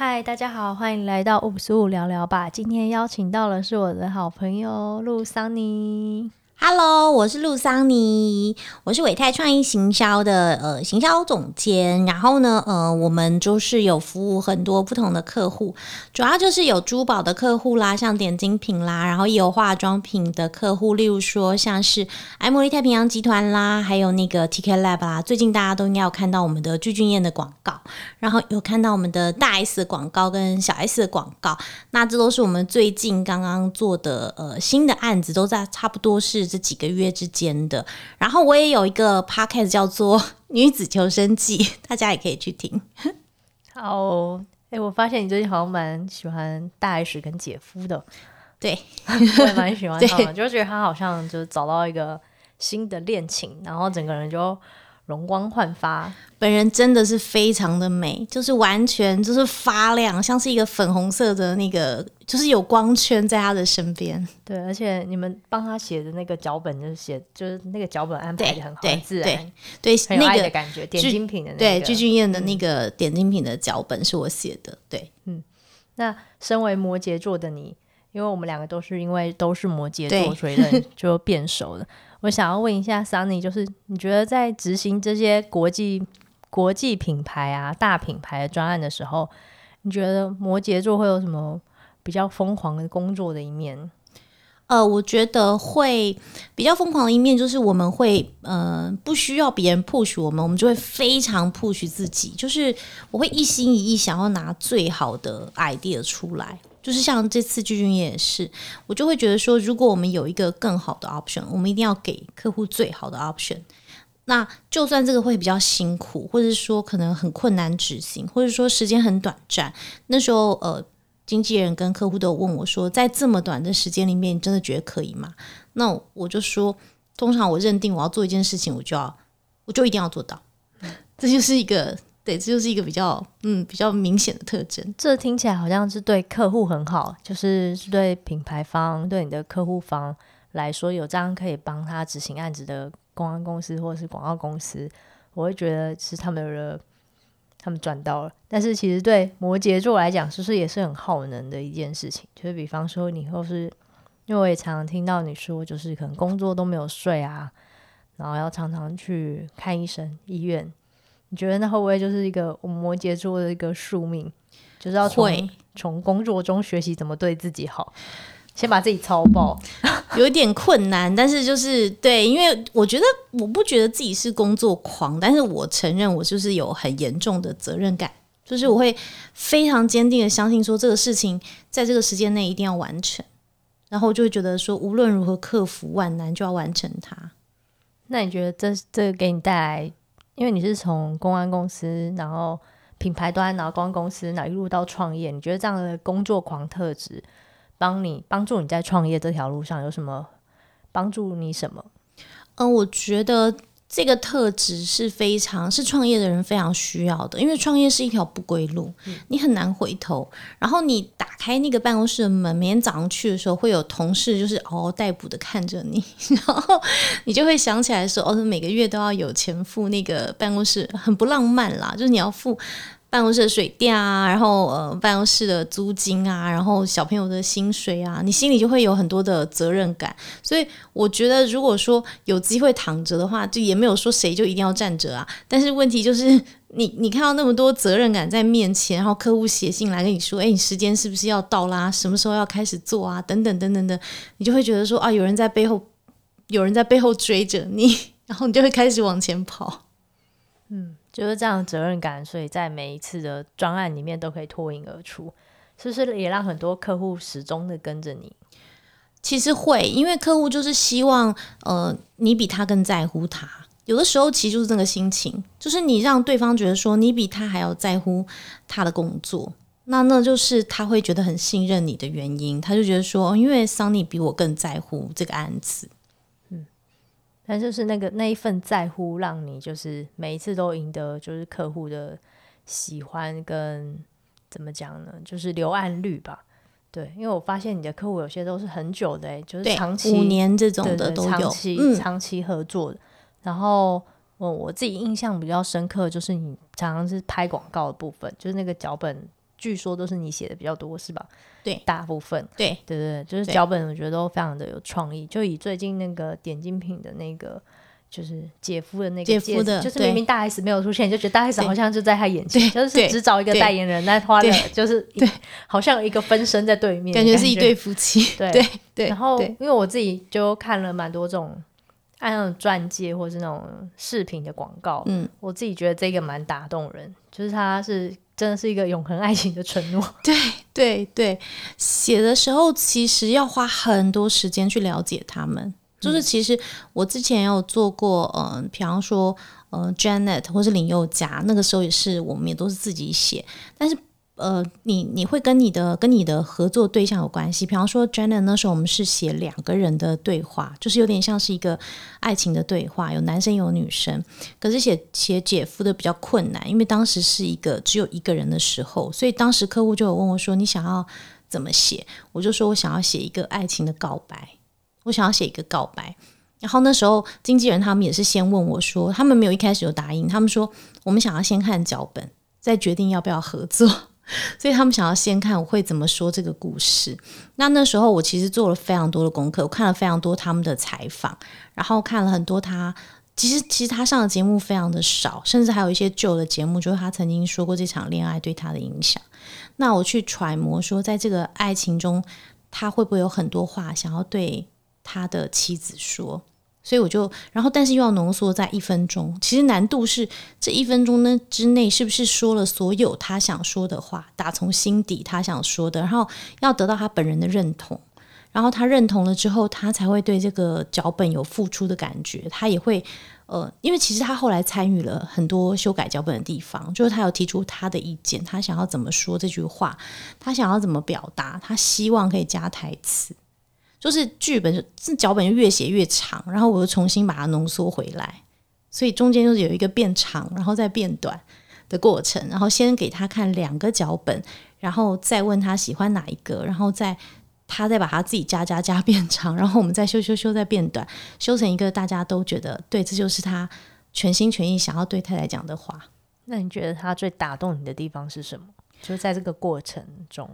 嗨，Hi, 大家好，歡迎來到五十五聊聊吧。今天邀請到的是我的好朋友陸 Sunny。Hello，我是陸桑尼，我是緯泰創意行銷的呃行銷總監。然後呢，呃，我們就是有服務很多不同的客戶，主要就是有珠寶的客戶啦，像點睛品啦，然後也有化妝品的客戶，例如說像是愛茉莉太平洋集團啦，還有那個 TK Lab 啦。最近大家都應該有看到我們的具俊曄的廣告，然後有看到我們的大 S 的廣告跟小 S 的廣告，那這都是我們最近剛剛做的呃新的案子，都在差不多是。幾個月之間的，然後我也有一個 podcast 叫做《女子求生記》，大家也可以去聽。好誒、哦欸，我發現你最近好像蠻喜歡大 S 跟姐夫的，對， 我也蠻喜歡他，對就覺得他好像就找到一個新的戀情，然後整個人就。容光煥發，本人真的是非常的美，就是完全就是發亮，像是一個粉紅色的那個，就是有光圈在他的身邊。對，而且你們幫他寫的那個腳本就是，就寫就是那個腳本安排的很好，對很自然對，對對很有愛的感覺，那個、點睛品的、那個、對，具俊曄的那個點睛品的腳本是我寫的。對嗯，嗯，那身為摩羯座的你，因為我們兩個都是因為都是摩羯座，對所以就變熟了。 我想要問一下 Sunny，就是你覺得在執行這些國際國際品牌啊、大品牌的專案的時候，你覺得摩羯座會有什麼比較瘋狂的工作的一面？呃，我覺得會比較瘋狂的一面就是我們會呃不需要別人 push 我們，我們就會非常 push 自己，就是我會一心一意想要拿最好的 idea 出來。就是像這次俊曄，也是，我就會覺得說，如果我們有一個更好的 option，我們一定要給客戶最好的 option。那就算這個會比較辛苦，或者說可能很困難執行，或者說時間很短暫，那時候呃，經紀人跟客戶都問我說，在這麼短的時間裡面，你真的覺得可以嗎？那我就說，通常我認定我要做一件事情，我就要，我就一定要做到。 這就是一個。對，這就是一個比較嗯，比較明顯的特徵。這聽起來好像是對客戶很好，就是對品牌方、對你的客戶方來說，有這樣可以幫他執行案子的公關公司或者是廣告公司，我會覺得是他們的他們賺到了。但是其實對摩羯座來講，是、就、不是也是很耗能的一件事情？就是比方說，你或是因為我也常常聽到你說，就是可能工作都沒有睡啊，然後要常常去看醫生醫院。你覺得那會不會就是一個我們摩羯座的一個宿命，就是要從從會工作中學習怎麼對自己好，先把自己操爆。嗯、有一點困難， 但是就是對，因為我覺得我不覺得自己是工作狂，但是我承認我就是有很嚴重的責任感，就是我會非常堅定的相信說這個事情在這個時間內一定要完成，然後就會覺得說無論如何克服萬難就要完成它。那你覺得這這個、給你帶來？因為你是從公關公司，然後品牌端，然後公關公司，然後一路到創業，你覺得這樣的工作狂特質，幫你幫助你在創業這條路上有什麼幫助你什麼？嗯、呃，我覺得。這個特質是非常是創業的人非常需要的，因為創業是一條不歸路，嗯、你很難回頭。然後你打開那個辦公室的門，每天早上去的時候，會有同事就是嗷嗷待哺的看着你，然後你就會想起來說，哦，每個月都要有錢付那個辦公室，很不浪漫啦，就是你要付。辦公室的水電啊，然後呃辦公室的租金啊，然後小朋友的薪水啊，你心裡就會有很多的責任感。所以我覺得，如果說有機會躺着的話，就也沒有說誰就一定要站着啊。但是問題就是你，你你看到那麼多責任感在面前，然後客戶寫信來跟你說，誒、欸，你時間是不是要到啦？什麼時候要開始做啊？等等等等等，你就會覺得說啊，有人在背後，有人在背後追着你，然後你就會開始往前跑。嗯。就是這樣責任感，所以在每一次的專案裡面都可以脫穎而出，是不是也讓很多客戶始終的跟着你？其實會，因為客戶就是希望，呃，你比他更在乎他。有的時候其實就是這個心情，就是你讓對方覺得說你比他還要在乎他的工作，那那就是他會覺得很信任你的原因。他就覺得說，因為 Sunny 比我更在乎這個案子。但就是那個那一份在乎，讓你就是每一次都贏得就是客戶的喜歡跟怎麼講呢？就是留案率吧。對，因為我發現你的客戶有些都是很久的，欸，就是長期五年這種的都，都長期長期合作的。嗯、然後我、嗯、我自己印象比較深刻，就是你常常是拍廣告的部分，就是那個腳本。據說都是你寫的比較多是吧？對，大部分對對對，就是腳本我覺得都非常的有創意。就以最近那個點睛品的那個，就是姐夫的那個姐夫的，就是明明大 S 沒有出現，就覺得大 S 好像就在他眼前，就是只找一個代言人來花的，就是對，好像一個分身在對面，感覺是一對夫妻。對對，然後因為我自己就看了蠻多這種，按那種鑽戒或是那種飾品的廣告，嗯，我自己覺得這個蠻打動人，就是他是。真的是一個永恆愛情的承諾。對對對，寫的時候其實要花很多時間去了解他們。嗯、就是其實我之前有做過，嗯、呃，比方說，呃，Janet 或是林宥嘉，那個時候也是，我們也都是自己寫，但是。呃，你你會跟你的跟你的合作對象有關係，比方說 Janet 那時候我們是寫兩個人的對話，就是有點像是一個愛情的對話，有男生有女生。可是寫寫姐夫的比較困難，因為當時是一個只有一個人的時候，所以當時客戶就有問我說你想要怎麼寫？我就說我想要寫一個愛情的告白，我想要寫一個告白。然後那時候經紀人他們也是先問我說，他們沒有一開始就答應，他們說我們想要先看腳本，再決定要不要合作。所以他們想要先看我會怎麼說這個故事。那那時候我其實做了非常多的功課，我看了非常多他們的採訪，然後看了很多他，其實，其實他上的節目非常的少，甚至還有一些舊的節目，就是他曾經說過這場戀愛對他的影響。那我去揣摩說，在這個愛情中，他會不會有很多話想要對他的妻子說？所以我就，然後但是又要濃縮在一分鐘，其實難度是這一分鐘呢之內，是不是說了所有他想說的話，打從心底他想說的，然後要得到他本人的認同，然後他認同了之後，他才會對這個腳本有付出的感覺，他也會，呃，因為其實他後來參與了很多修改腳本的地方，就是他有提出他的意見，他想要怎麼說這句話，他想要怎麼表達，他希望可以加台詞。就是劇本這腳本就越寫越長，然後我又重新把它濃縮回來，所以中間就是有一個變長，然後再變短的過程。然後先給他看兩個腳本，然後再問他喜歡哪一個，然後再他再把他自己加加加變長，然後我們再修修修再變短，修成一個大家都覺得對，這就是他全心全意想要對太太講的話。那你覺得他最打動你的地方是什麼？就在這個過程中。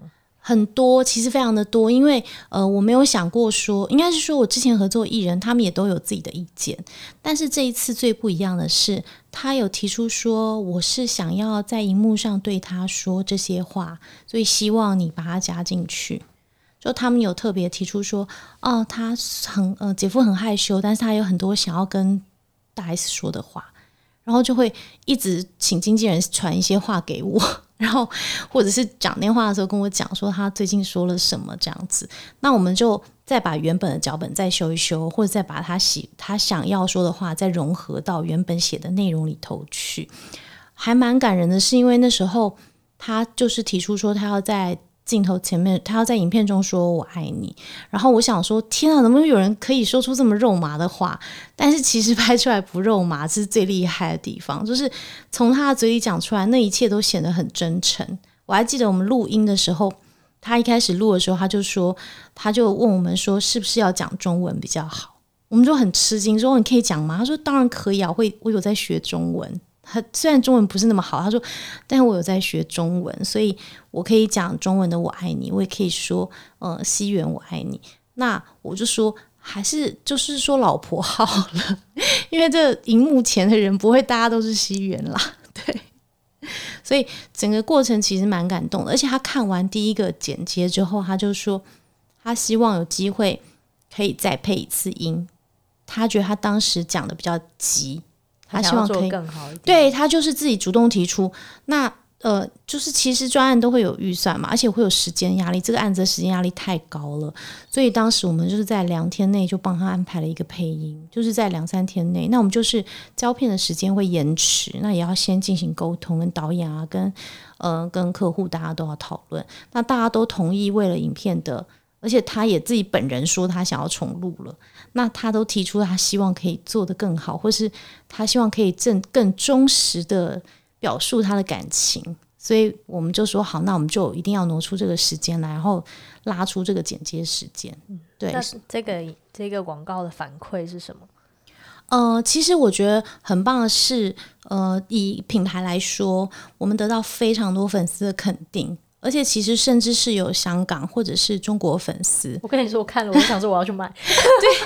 很多，其實非常的多，因為呃，我沒有想過說，應該是說我之前合作藝人，他們也都有自己的意見，但是這一次最不一樣的是，他有提出說，我是想要在熒幕上對他說這些話，所以希望你把他加進去。就他們有特別提出說，哦，他很呃，姐夫很害羞，但是他有很多想要跟大 S 說的話，然後就會一直請經紀人傳一些話給我。然後，或者是講電話的時候跟我講說他最近說了什麼這樣子，那我們就再把原本的腳本再修一修，或者再把他寫他想要說的話再融合到原本寫的內容裡頭去，還蠻感人的，是因為那時候他就是提出說他要在。鏡頭前面，他要在影片中說我愛你，然後我想說，天啊，能不能有人可以說出這麼肉麻的話？但是其實拍出來不肉麻，這是最厲害的地方，就是從他的嘴裡講出來，那一切都顯得很真誠。我還記得我們錄音的時候，他一開始錄的時候，他就說，他就問我們說，是不是要講中文比較好？我們就很吃驚，說你可以講嗎？他說當然可以啊，我會，我有在學中文。他雖然中文不是那麼好，他說，但是我有在學中文，所以我可以講中文的“我愛你”，我也可以說“呃，熙媛我愛你”。那我就說，還是就是說老婆好了，因為這熒幕前的人不會大家都是熙媛啦，對。所以整個過程其實蠻感動的，而且他看完第一個剪接之後，他就說他希望有機會可以再配一次音，他覺得他當時講的比較急。他希望可以，更好一點，對，他就是自己主動提出。那呃，就是其實專案都會有預算嘛，而且會有時間壓力。這個案子的時間壓力太高了，所以當時我們就是在兩天內就幫他安排了一個配音，就是在兩三天內。那我們就是交片的時間會延遲，那也要先進行溝通，跟導演啊，跟呃，跟客戶，大家都要討論。那大家都同意，為了影片的，而且他也自己本人說他想要重錄了。那他都提出他希望可以做得更好，或是他希望可以更更忠實的表述他的感情，所以我們就說好，那我們就一定要挪出這個時間來，然後拉出這個剪接時間。嗯、對，那這個這個廣告的反饋是什麼？呃，其實我覺得很棒的是，呃，以品牌來說，我們得到非常多粉絲的肯定。而且其實甚至是有香港或者是中國粉絲，我跟你說，我看了，我就想說我要去買。 對，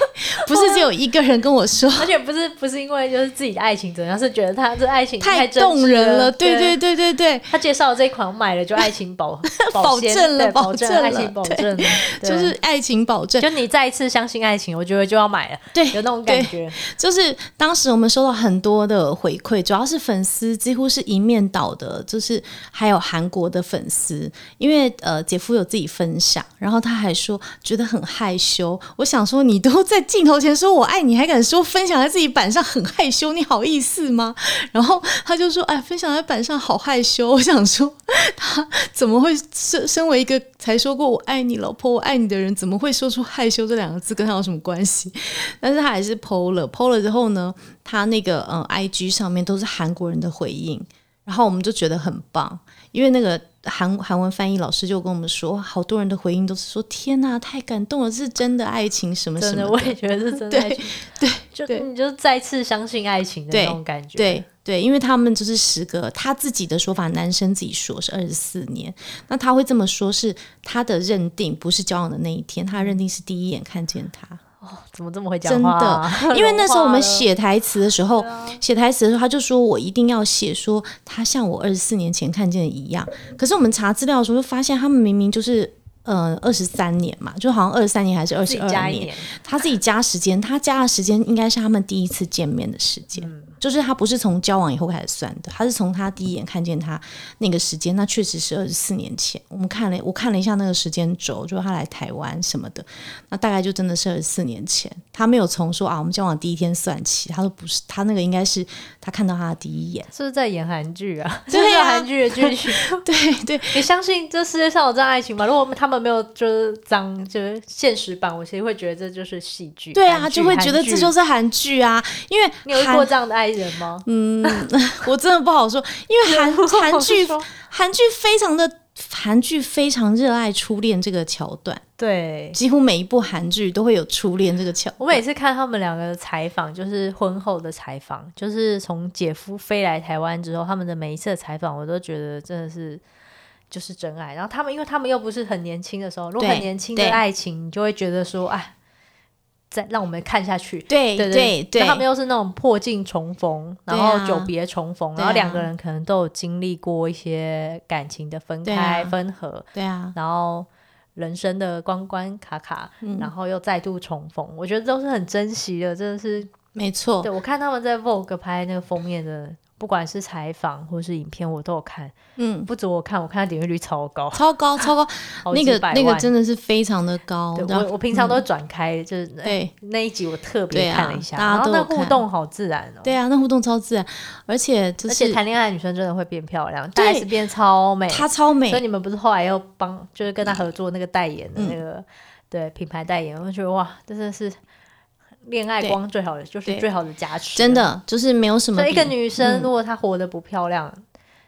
不是只有一個人跟我說， 而且不是不是因為就是自己的愛情怎樣，是覺得他這愛情太，太動人了。對對對對對，對，對，對，他介紹的這一款我買了就愛情保保， 保證了，保證，保證了愛情保證了，對對就是愛情保證。就你再一次相信愛情，我覺得就要買了。對，有那種感覺。就是當時我們收到很多的回饋，主要是粉絲幾乎是一面倒的，就是還有韓國的粉絲。因為呃，姐夫有自己分享，然後他還說覺得很害羞。我想說，你都在鏡頭前說我愛你，還敢說分享在自己版上很害羞？你好意思嗎？然後他就說：“哎，分享在版上好害羞。”我想說，他怎麼會身身為一個才說過我愛你，老婆我愛你的人，怎麼會說出害羞這兩個字？跟他有什麼關係？但是他還是 po 了，po 了之後呢，他那個嗯、呃，IG 上面都是韓國人的回應，然後我們就覺得很棒，因為那個。韓韓文翻譯老師就跟我們說，好多人的回應都是說：“天哪、啊，太感動了，是真的愛情什麼什麼的。真的，”我也覺得是真的愛情，對，對就對，你就再次相信愛情的那種感覺，對對，對，因為他們就是時隔，他自己的說法，男生自己說是二十四年，那他會這麼說是，是他的認定不是交往的那一天，他的認定是第一眼看見他。哦、怎麼這麼會講、啊、真的，因為那時候我們寫台詞的時候，寫、 啊、台詞的時候他就說，我一定要寫說他像我二十四年前看見的一樣。可是我們查資料的時候，就發現他們明明就是嗯二十三年嘛，就好像二十三年還是二十二年，自年他自己加時間，他加的時間應該是他們第一次見面的時間。嗯就是他不是從交往以後開始算的，他是從他第一眼看見他那個時間，那確實是二十四年前。我們看了，我看了一下那個時間軸，就他來台灣什麼的，那大概就真的是二十四年前。他沒有從說啊，我們交往第一天算起，他說不是，他那個應該是他看到他的第一眼。是不是在演韓劇啊？對啊，就是韓劇的劇情。對 對，對，你相信這世界上有這樣愛情嗎？如果他們沒有就是髒，就是現實版，我其實會覺得這就是戲劇。對啊，就會覺得這就是韓劇啊，劇因為你有過這樣的愛。人嗎？嗯， 我真的不好說，因為韓韓劇、韓劇、嗯、劇非常的韓劇非常熱愛初戀這個橋段，對，幾乎每一部韓劇都會有初戀這個橋段。我每次看他們兩個的採訪，就是婚後的採訪，就是從姐夫飛來台灣之後，他們的每一次的採訪，我都覺得真的是就是真愛。然後他們，因為他們又不是很年輕的時候，如果很年輕的愛情，你就會覺得說，哎。再讓我們看下去，對對對，對對對，他們又是那種破鏡重逢，啊、然後久別重逢，啊、然後兩個人可能都有經歷過一些感情的分開分合，對啊，對啊，然後人生的關關卡卡，啊、然後又再度重逢，嗯、我覺得都是很珍惜的，真的是沒錯錯。對，我看他們在 Vogue 拍那個封面的。不管是採訪或是影片，我都有看。嗯，不只我看，我看他點閱率超高，超高，超高。那個那個真的是非常的高，我我平常都會轉開，就是對那一集我特別看了一下。然後那互動好自然哦。對啊，那互動超自然，而且就是而且談戀愛的女生真的會變漂亮，但還是變超美，她超美。所以你們不是後來又幫就是跟她合作那個代言的那個對品牌代言，我就覺得哇，真的是。戀愛光最好的對就是最好的加持，真的就是沒有什麼。所以一個女生如果她活得不漂亮，嗯、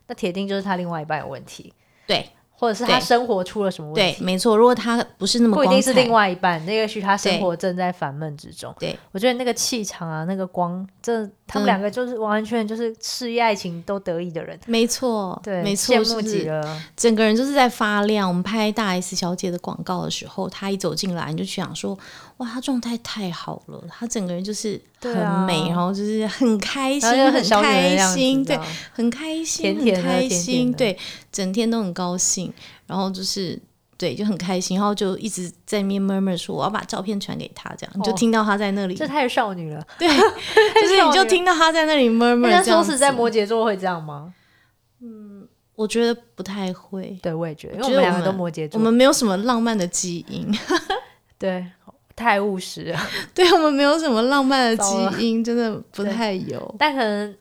那鐵定就是她另外一半有問題，對，或者是她生活出了什麼問題，對對沒錯。如果她不是那麼光彩不一定是另外一半，那個是她生活正在煩悶之中。對,對我覺得那個氣場啊，那個光這。他們兩個就是完完全全就是事業愛情都得意的人，沒錯，對，沒錯，對就是。整個人就是在發亮。我們拍大 S 小姐的廣告的時候，她一走進來，你就想說：“哇，她狀態太好了，她整個人就是很美，啊、然後就是很開心，很，很開心，天天對，很開心，很開心，對，整天都很高興，然後就是。”對，就很開心，然後就一直在面 murmur 說我要把照片傳給他，這樣、哦、你就聽到他在那裡。這太少女了。對， 就是你就聽到他在那裡 murmur。那在摩羯座會這樣嗎？嗯，我覺得不太會。對，我也覺得，覺得因為我們兩個都摩羯座，我們沒有什麼浪漫的基因。 對，太務實了。對，我們沒有什麼浪漫的基因，了真的不太有。但可能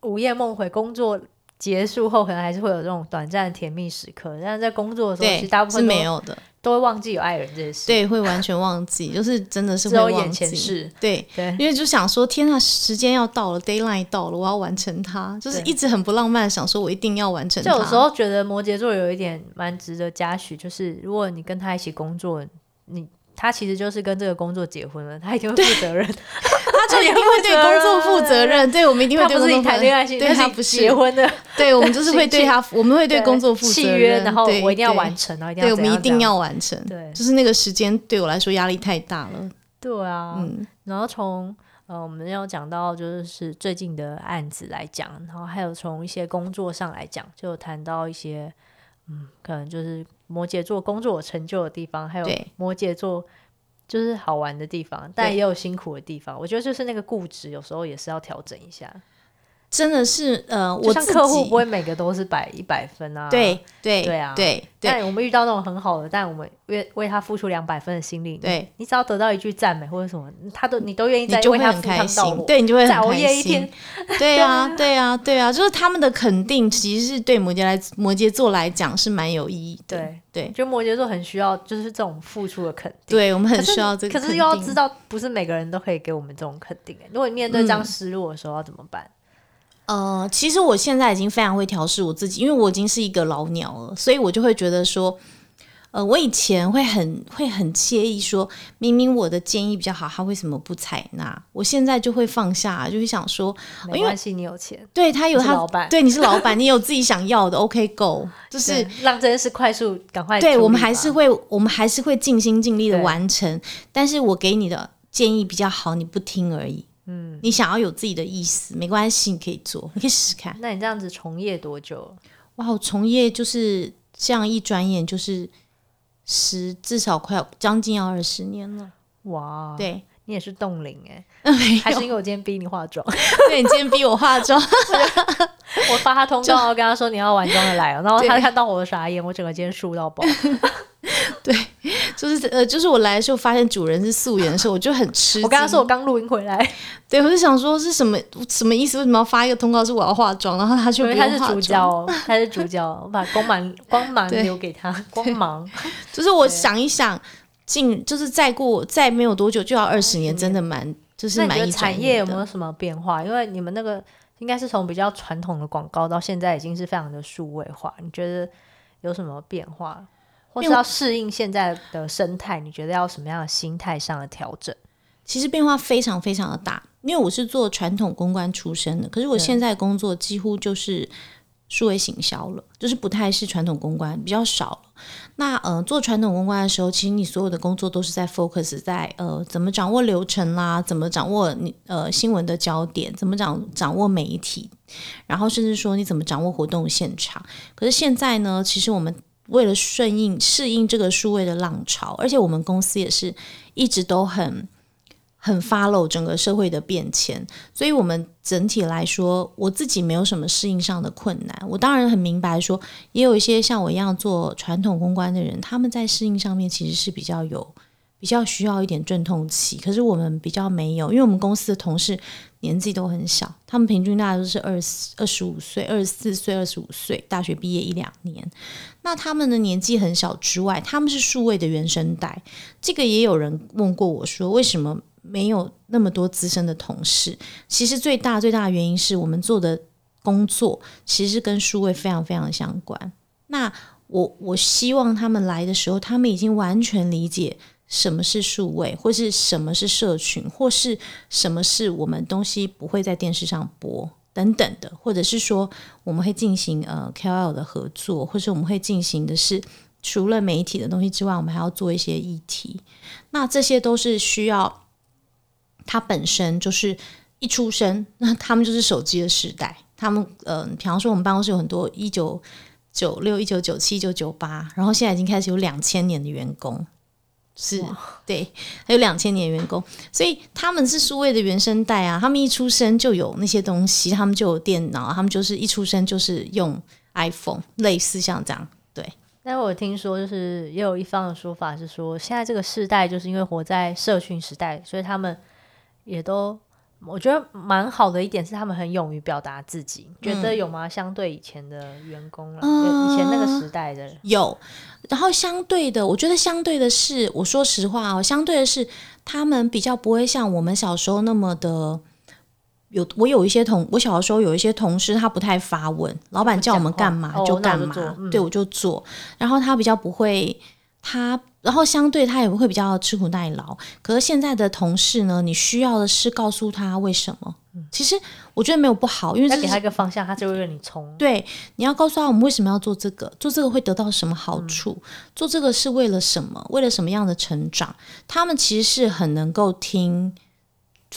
午夜夢回工作。結束後，可能還是會有這種短暫的甜蜜時刻，但是在工作的時候，對其實大部分是沒有的，都會忘記有愛人這件事。對，會完全忘記， 就是真的是只有眼前事。對對，對因為就想說，天啊，時間要到了，deadline 到了，我要完成它，就是一直很不浪漫，想說我一定要完成它。就有時候覺得摩羯座有一點蠻值得嘉許，就是如果你跟他一起工作，你。他其實就是跟這個工作結婚了，他一定會負責任，他就一定會對工作負責任。對，我們一定會對自己談戀愛，對他不是結婚的。對，我們就是會對他，我們會對工作負責任。契約，然後我一定要完成，對，我們一定要完成。對，就是那個時間對我來說壓力太大了。對啊，然後從呃我們要講到就是最近的案子來講，然後還有從一些工作上來講，就談到一些。嗯，可能就是摩羯座工作有成就的地方，還有摩羯座就是好玩的地方，對但也有辛苦的地方。對我覺得就是那個固執，有時候也是要調整一下。真的是呃，就像客戶不會每個都是百一百分啊。對對對啊，對。但我們遇到那種很好的，但我們願為他付出兩百分的心力，對、嗯，你只要得到一句讚美或者什麼，他都你都願意再為他很開心。對，你就會很開心。對你就會開心一天，對，對，對啊，對啊，對啊，就是他們的肯定，其實是對摩羯來摩羯座來講是蠻有意義的。對對，對，就摩羯座很需要就是這種付出的肯定。對，我們很需要這個，肯定可，可是又要知道，嗯、不是每個人都可以給我們這種肯定、欸。如果你面對這樣失落的時候，要怎麼辦？嗯呃，其實我現在已經非常會調適我自己，因為我已經是一個老鳥了，所以我就會覺得說，呃，我以前會很會很介意說，明明我的建議比較好，他為什麼不採納？我現在就會放下，就會想說，呃、沒關係，為你有錢，對他有他，老闆，對你是老闆， 你有自己想要的，OK，Go，、okay, 就是讓這件事快速趕快，對我們還是會，我們還是會盡心盡力的完成，對但是我給你的建議比較好，你不聽而已。嗯，你想要有自己的意思，沒關係，你可以做，你可以試試看。那你這樣子從業多久？哇，從業就是這樣一轉眼就是十，至少快將近要二十年了。哇，對，你也是凍齡哎，呃、還是因為我今天逼你化妝？嗯、對，你今天逼我化妝， 我發他通告，就跟他說你要完妝的來了，然後他看到我傻眼，對我整個今天輸到爆。 對，就是呃，就是我來的時候發現主人是素顏的時候，我就很吃。 我剛剛說我剛露營回來。對，我就想說是什麼什麼意思？為什麼要發一個通告是我要化妝？然後他就因為他是主角， 他是主角，我把光芒 光芒留給他。對光芒 對就是我想一想，近就是再過再沒有多久就要二十年，嗯、真的蠻就是蠻遺，你覺得產業有沒有什麼變化？因為你們那個應該是從比較傳統的廣告到現在已經是非常的數位化，你覺得有什麼變化？要適應現在的生態，你覺得要什麼樣的心態上的調整？其實變化非常非常的大，因為我是做傳統公關出身的，可是我現在工作幾乎就是數位行銷了，對就是不太是傳統公關，比較少了。那呃，做傳統公關的時候，其實你所有的工作都是在 focus，在呃怎麼掌握流程啦，怎麼掌握你呃新聞的焦點，怎麼掌掌握媒體，然後甚至說你怎麼掌握活動現場。可是現在呢，其實我們為了順應，適應這個數位的浪潮，而且我們公司也是一直都很很 follow 整個社會的變遷，所以我們整體來說，我自己沒有什麼適應上的困難。我當然很明白說，也有一些像我一樣做傳統公關的人，他們在適應上面其實是比較有，比較需要一點陣痛期，可是我們比較沒有，因為我們公司的同事。年紀都很小，他們平均大概都是二十、二十五歲，二十四歲、二十五歲，大學畢業一兩年。那他們的年紀很小之外，他們是數位的原生代。這個也有人問過我說，為什麼沒有那麼多資深的同事？其實最大最大的原因是我們做的工作，其實跟數位非常非常相關。那我我希望他們來的時候，他們已經完全理解。什麼是數位，或是什麼是社群，或是什麼是我們東西不會在電視上播等等的，或者是說我們會進行呃 KOL 的合作，或是我們會進行的是除了媒體的東西之外，我們還要做一些議題。那這些都是需要他本身就是一出生，那他們就是手機的時代。他們嗯、呃，比方說我們辦公室有很多一九九六、一九九七、一九九八，然後現在已經開始有兩千年的員工。是哇對，還有兩千年員工，所以他們是數位的原生代啊，他們一出生就有那些東西，他們就有電腦，他們就是一出生就是用 iPhone，類似像這樣，對。但我聽說就是也有一方的說法是說，現在這個世代就是因為活在社群時代，所以他們也都。我覺得蠻好的一點是，他們很勇於表達自己，嗯、覺得有嗎？相對以前的員工了，嗯、以前那個時代的有。然後相對的，我覺得相對的是，我說實話哦，相對的是他們比較不會像我們小時候那麼的有。我有一些同，我小時候有一些同事，他不太發問，老板叫我們幹嘛就幹嘛，哦嗯、對我就做。然後他比較不會，他。然後相對他也會比較吃苦耐勞，可是現在的同事呢，你需要的是告訴他為什麼。嗯、其實我覺得沒有不好，因為給他一個方向，他就會讓你衝。對，你要告訴他我們為什麼要做這個，做這個會得到什麼好處，嗯、做這個是為了什麼，為了什麼樣的成長。他們其實是很能夠聽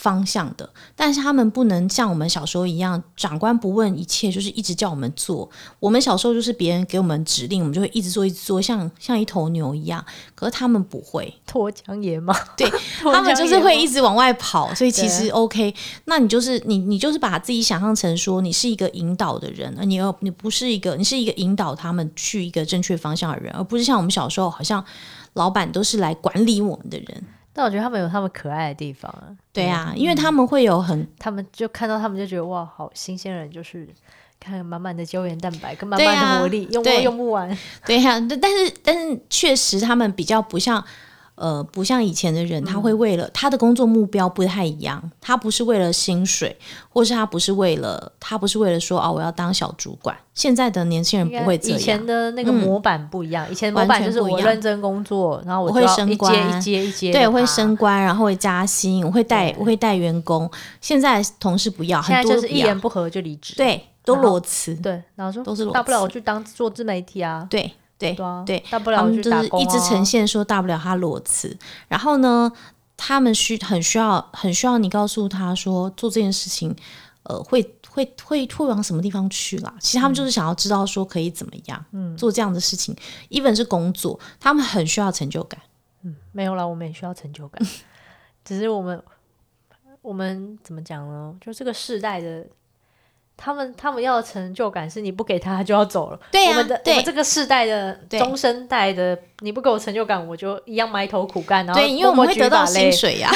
方向的，但是他們不能像我們小時候一樣，長官不問一切，就是一直叫我們做。我們小時候就是別人給我們指令，我們就會一直做，一直做，像像一頭牛一樣。可是他們不會，脫韁野馬。對，他們就是會一直往外跑。所以其實 OK，對啊，那你就是你，你就是把自己想象成說，你是一個引導的人，而你你不是一個，你是一個引導他們去一個正確方向的人，而不是像我們小時候，好像老闆都是來管理我們的人。但我覺得他們有他們可愛的地方，對啊，對呀、嗯，因為他們會有很，他們就看到他們就覺得哇，好新鮮人，就是看滿滿的膠原蛋白跟滿滿的魔力，啊、用對用不完，對呀、啊，但是但是確實他們比較不像。呃，不像以前的人，他會為了他的工作目標不太一樣，他不是為了薪水，或是他不是為了他不是為了說啊，我要當小主管。現在的年輕人不會這樣，以前的那個模板不一樣，以前模板就是我認真工作，然後我會升官，一階，一階，對，會升官，然後會加薪，我會帶，我會帶員工。現在同事不要，現在就是一言不合就離職，對，都裸辭，對，然後說都是大不了我去當做自媒體啊，對。對對，啊、他們就是一直呈現說大不了他裸辭，然後呢，他們需很需要很需要你告訴他說做這件事情，呃，會會會會往什麼地方去啦？其實他們就是想要知道說可以怎麼樣，做這樣的事情、嗯、，even 是工作，他們很需要成就感。嗯，沒有啦，我們也需要成就感， 只是我們我們怎麼講呢？就這個世代的。他們他們要的成就感，是你不給他就要走了。對啊，我們的對我們這個世代的中對生代的。你不給我成就感，我就一樣埋頭苦幹。對，因為我們會得到薪水呀，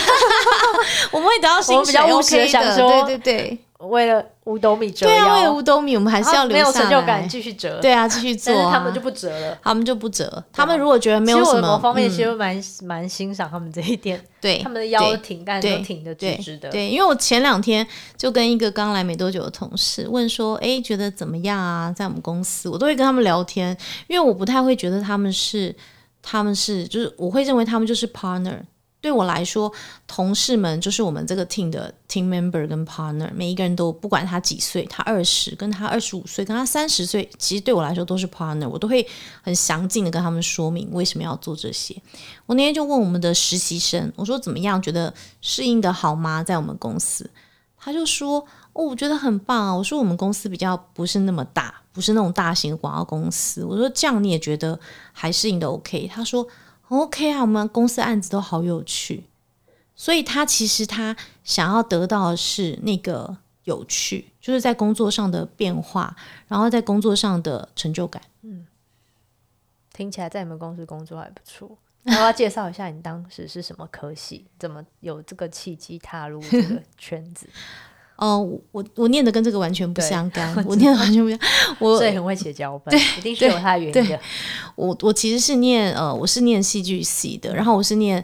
我們會得到薪水。我們比較務實的，對對對，為了五斗米折腰。對啊，為了五斗米，我們還是要留下來，沒有成就感繼續折。對啊，繼續做。但是他們就不折了，他們就不折。他們如果覺得沒有什麼，我某方面其實蠻蠻欣賞他們這一點。對，他們的腰挺，幹都挺的，直直的。對，因為我前兩天就跟一個剛來沒多久的同事問說：“哎，覺得怎麼樣啊？”在我們公司，我都會跟他們聊天，因為我不太會覺得他們是。他們是，就是我會認為他們就是 partner。對我來說，同事們就是我們這個 team 的 team member 跟 partner。每一個人都不管他幾歲，他二十跟他二十五歲跟他三十歲，其實對我來說都是 partner。我都會很詳盡的跟他們說明為什麼要做這些。我那天就問我們的實習生，我說，怎麼樣？覺得適應的好嗎？在我們公司，他就說哦，我覺得很棒啊。我說我們公司比較不是那麼大。不是那種大型廣告公司，我說這樣你也覺得還適應的 OK？他說 OK 啊，我們公司案子都好有趣，所以他其實他想要得到的是那個有趣，就是在工作上的變化，然後在工作上的成就感。嗯，聽起來在你們公司工作還不錯，我要介紹一下你當時是什麼科系 怎麼有這個契機踏入這個圈子。 哦、呃，我我念的跟這個完全不相干，對我念的完全不相干。我，我所以很會寫腳本，對一定是有它的原因的。我我其實是念呃，我是念戲劇系的，然後我是念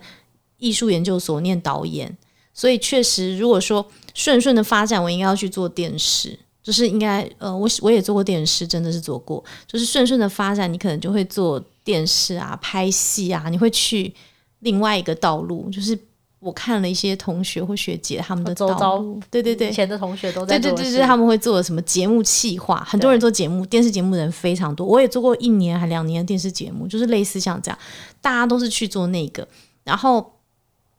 藝術研究所念導演，所以確實如果說順順的發展，我應該要去做電視，就是應該呃，我我也做過電視，真的是做過，就是順順的發展，你可能就會做電視啊，拍戲啊，你會去另外一個道路，就是。我看了一些同學或學姐他們的周遭，對對對，以前的同學都在做，對對對對，他們會做什麼節目企劃？很多人做節目，對 電視節目人非常多。我也做過一年還兩年的電視節目，就是類似像這樣，大家都是去做那個。然後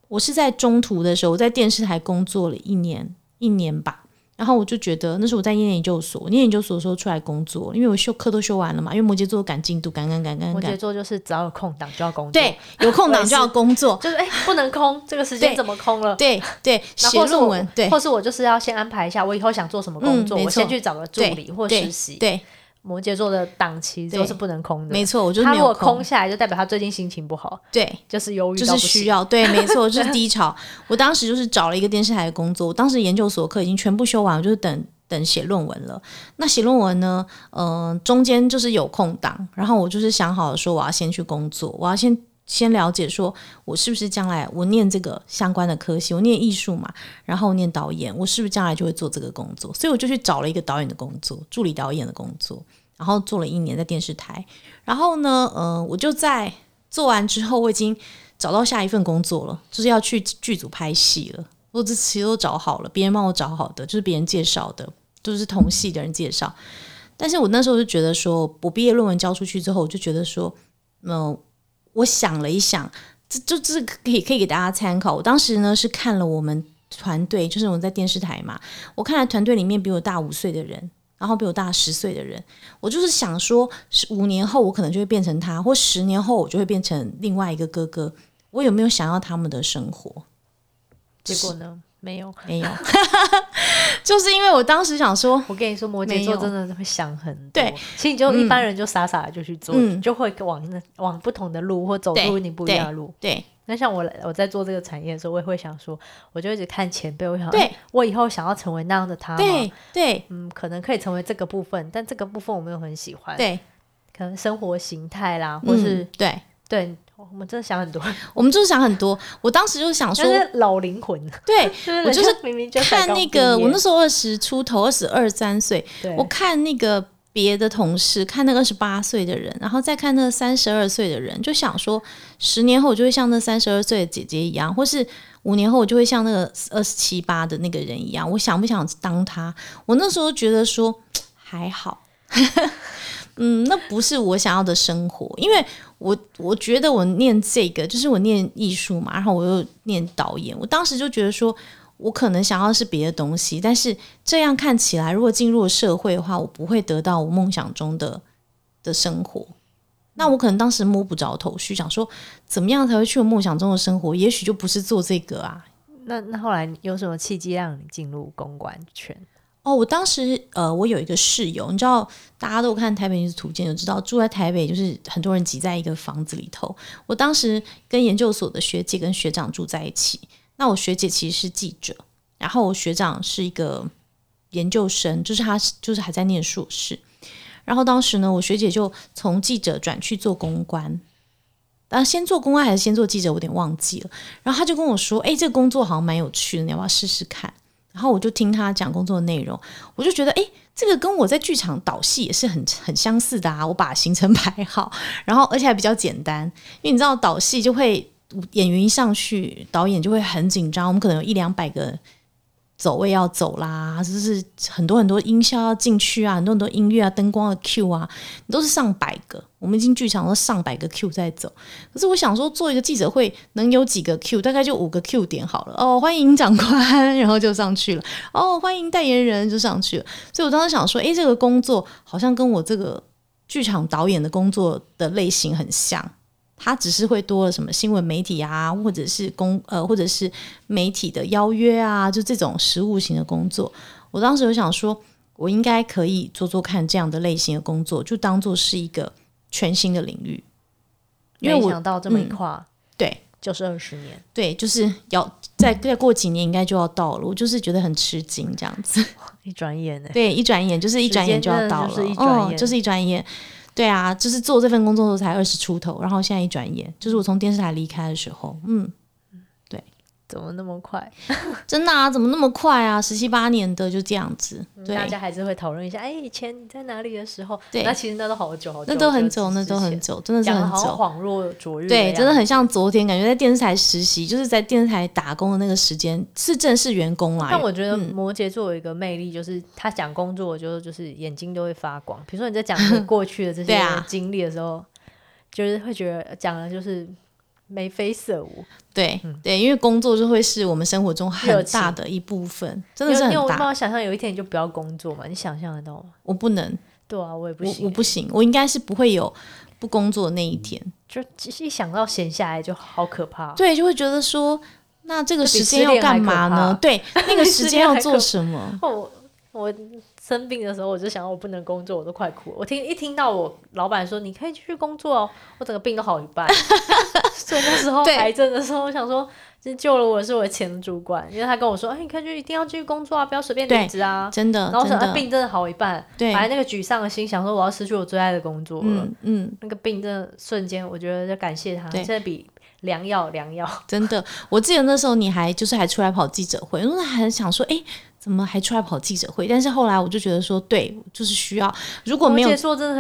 我是在中途的時候，我在電視台工作了一年，一年吧。然後我就覺得，那時候我在念研究所，念研究所的時候出來工作，因為我修課都修完了嘛。因為摩羯座趕進度，趕趕趕趕。摩羯座就是只要有空檔就要工作，對，有空檔就要工作， 就是哎、欸，不能空，這個時間怎麼空了？對對，寫論文，對，或是我就是要先安排一下，我以後想做什麼工作，嗯、我先去找個助理或實習，對。對摩羯座的檔期都是不能空的，沒錯，我就是他如果空下來就代表他最近心情不好，對，就是憂鬱，就是需要，對，沒錯，就是低潮。 我當時就是找了一個電視台的工作，我當時研究所課已經全部修完，我就是等等寫論文了。那寫論文呢，嗯、呃，中間就是有空檔，然後我就是想好了說，我要先去工作，我要先。先了解說，我是不是將來我念這個相關的科系，我念藝術嘛，然後念導演，我是不是將來就會做這個工作？所以我就去找了一個導演的工作，助理導演的工作，然後做了一年在電視台。然後呢，嗯、呃，我就在做完之後，我已經找到下一份工作了，就是要去劇組拍戲了。我這其實都找好了，別人幫我找好的，就是別人介紹的，都、就是同系的人介紹。但是我那時候就覺得說，我畢業論文交出去之後，我就覺得說，嗯、呃。我想了一想，這就這可以可以給大家參考。我當時呢是看了我們團隊，就是我們在電視台嘛，我看了團隊裡面比我大五歲的人，然後比我大十歲的人，我就是想說，五年後我可能就會變成他，或十年後我就會變成另外一個哥哥，我有沒有想要他們的生活？結果呢？沒有沒有， 就是因為我當時想說，我跟你說，摩羯座真的會想很多。對，嗯、其實你就一般人就傻傻的就去做，嗯、就會往往不同的路，或走出你不一樣的路。對，對對，那像我來我在做這個產業的時候，我也會想說，我就一直看前輩，我會想，對、哎、我以後想要成為那樣的他對。對對，嗯，可能可以成為這個部分，但這個部分我沒有很喜歡。對，可能生活形態啦，或是對、嗯、對。對我們真的想很多， 我們就是想很多。我當時就想說，是老靈魂。對，我就是明明看那個，我那時候二十出頭，二十二三歲，對我看那個別的同事，看那個二十八歲的人，然後再看那三十二歲的人，就想說，十年後我就會像那三十二歲的姐姐一樣，或是五年後我就會像那個二十七八的那個人一樣，我想不想當她？我那時候覺得說還好， 嗯，那不是我想要的生活，因為。我我覺得我念這個就是我念藝術嘛，然後我又念導演，我當時就覺得說，我可能想要的是別的東西，但是這樣看起來，如果進入了社會的話，我不會得到我夢想中的的生活。那我可能當時摸不着頭緒，想說怎麼樣才會去我夢想中的生活？也許就不是做這個啊。那那後來有什麼契機讓你進入公關圈？哦，我當時呃，我有一個室友，你知道，大家都看《台北女子圖鑑》就知道，住在台北就是很多人擠在一個房子裡頭。我當時跟研究所的學姐跟學長住在一起，那我學姐其實是記者，然後我學長是一個研究生，就是他就是還在念碩士。然後當時呢，我學姐就從記者轉去做公關，啊，先做公關還是先做記者，我有點忘記了。然後他就跟我說：“誒、欸，這個工作好像蠻有趣的，你要不要試試看？”然後我就聽他講工作的內容，我就覺得哎，這個跟我在劇場導戲也是很很相似的啊，我把行程排好，然後而且還比較簡單，因為你知道導戲就會演員一上去，導演就會很緊張，我們可能有一兩百個。走位要走啦，就是很多很多音效要進去啊，很多很多音樂啊，燈光的 Q 啊，都是上百個。我們進劇場都上百個 Q 在走。可是我想說，做一個記者會能有幾個 Q？大概就五個 Q 點好了。哦，歡迎長官，然後就上去了。哦，歡迎代言人就上去了。所以我當時想說，哎、欸，這個工作好像跟我這個劇場導演的工作的類型很像。他只是會多了什麼新聞媒體啊，或者是公呃，或者是媒體的邀約啊，就這種實務型的工作。我當時就想說，我應該可以做做看這樣的類型的工作，就當做是一個全新的領域。因為我想到這麼一塊，嗯、對，就是二十年，對，就是要再再過幾年應該就要到了，我就是覺得很吃驚，這樣子。一轉眼呢？對，一轉眼就是一轉眼就要到了，一轉眼哦，就是一轉眼。對啊，就是做這份工作的時候才二十出頭，然後現在一轉眼，就是我從電視台離開的時候，嗯。怎麼那麼快？ 真的啊，怎麼那麼快啊？十七八年的就這樣子、嗯，大家還是會討論一下。哎、欸，以前你在哪裡的時候？對，那其實那都好久好久，那都很久，那都很久，真的是講的好恍若昨日。對，真的很像昨天，感覺在電視台實習，就是在電視台打工的那個時間是正式員工來的。但我覺得摩羯座有一個魅力就是他講工作就就是眼睛都會發光。比如說你在講你過去的這些經歷的時候， 啊、就是會覺得講的就是。眉飛色舞，對、嗯、對，因為工作就會是我們生活中很大的一部分，熱情，真的是很大。因為你有沒有想象有一天你就不要工作嘛？你想象得到嗎？我不能。對啊，我也不行、欸，我，我不行，我應該是不會有不工作的那一天。就其實一想到閒下來就好可怕、啊，對，就會覺得說，那這個時間要幹嘛呢？啊、對，那個時間要做什麼？ 哦、我。生病的時候，我就想我不能工作，我都快哭了。我聽一聽到我老板說你可以繼續工作哦，我整個病都好一半。 所以那時候癌症對的時候，我想說，救了我是我的前主管，因為他跟我說，哎、欸，你看就一定要繼續工作啊，不要隨便離職啊。真的，然後我想的、啊，病真的好一半，對，本來那個沮喪的心，想說我要失去我最愛的工作了，嗯，嗯，那個病真的瞬間，我覺得要感謝他，對現在比良藥良藥對。 真的，我記得那時候你還就是還出來跑記者會，那時候還想說，哎、欸。怎麼還出來跑記者會？但是後來我就覺得說，對，就是需要。如果沒有，